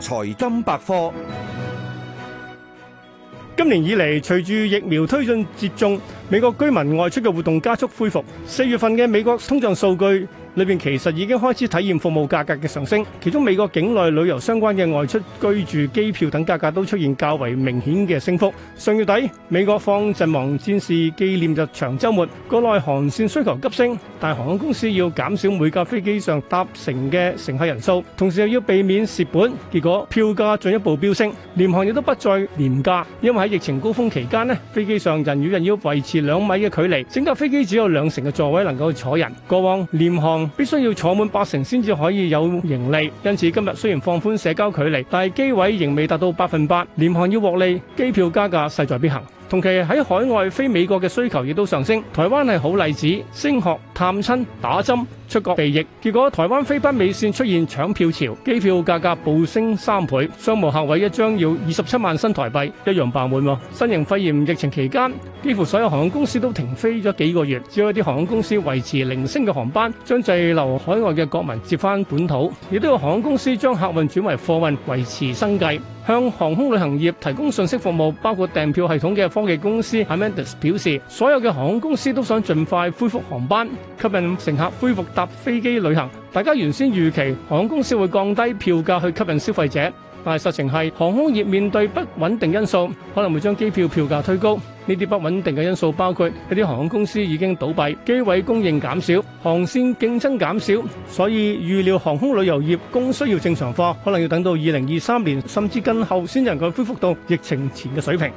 財金百科。今年以嚟，隨住疫苗推進接種，美國居民外出嘅活動加速恢復。四月份嘅美國通脹數據。裏面其實已經開始體現服務價格嘅上升，其中美國境內旅遊相關嘅外出居住機票等價格都出現較為明顯嘅升幅。上月底美國放陣亡戰士紀念日長周末，國內航線需求急升，但係航空公司要減少每架飛機上搭乘嘅乘客人數，同時又要避免蝕本，結果票價進一步飆升，廉航亦都不再廉價，因為喺疫情高峰期間呢，飛機上人與人要維持兩米嘅距離，整架飛機只有兩成嘅座位能夠坐人，過往廉航。必須要坐滿八成先至可以有盈利，因此今日雖然放寬社交距離，但係機位仍未達到百分百，廉航要獲利，機票加價勢在必行。同期喺海外飛美國嘅需求亦都上升，台灣係好例子，升學、探親、打針。出國避疫，結果台灣飛北美線出現搶票潮，機票價格暴升三倍，商務客位一張要二十七萬新台幣，一樣爆滿。新型肺炎疫情期間，幾乎所有航空公司都停飛咗幾個月，只有一啲航空公司維持零星嘅航班，將滯留海外嘅國民接返本土，亦都有航空公司將客運轉為貨運，維持生計。向航空旅行業提供信息服務，包括訂票系統嘅科技公司 Amadeus 表示，所有嘅航空公司都想盡快恢復航班，吸引乘客恢復搭飛機旅行。大家原先預期航空公司會降低票價去吸引消費者，但係實情係航空業面對不穩定因素，可能會將機票票價推高。呢啲不穩定嘅因素包括一啲航空公司已經倒閉，機位供應減少、航線競爭減少，所以預料航空旅遊業供需要正常化，可能要等到二零二三年甚至更後先能夠恢復到疫情前嘅水平。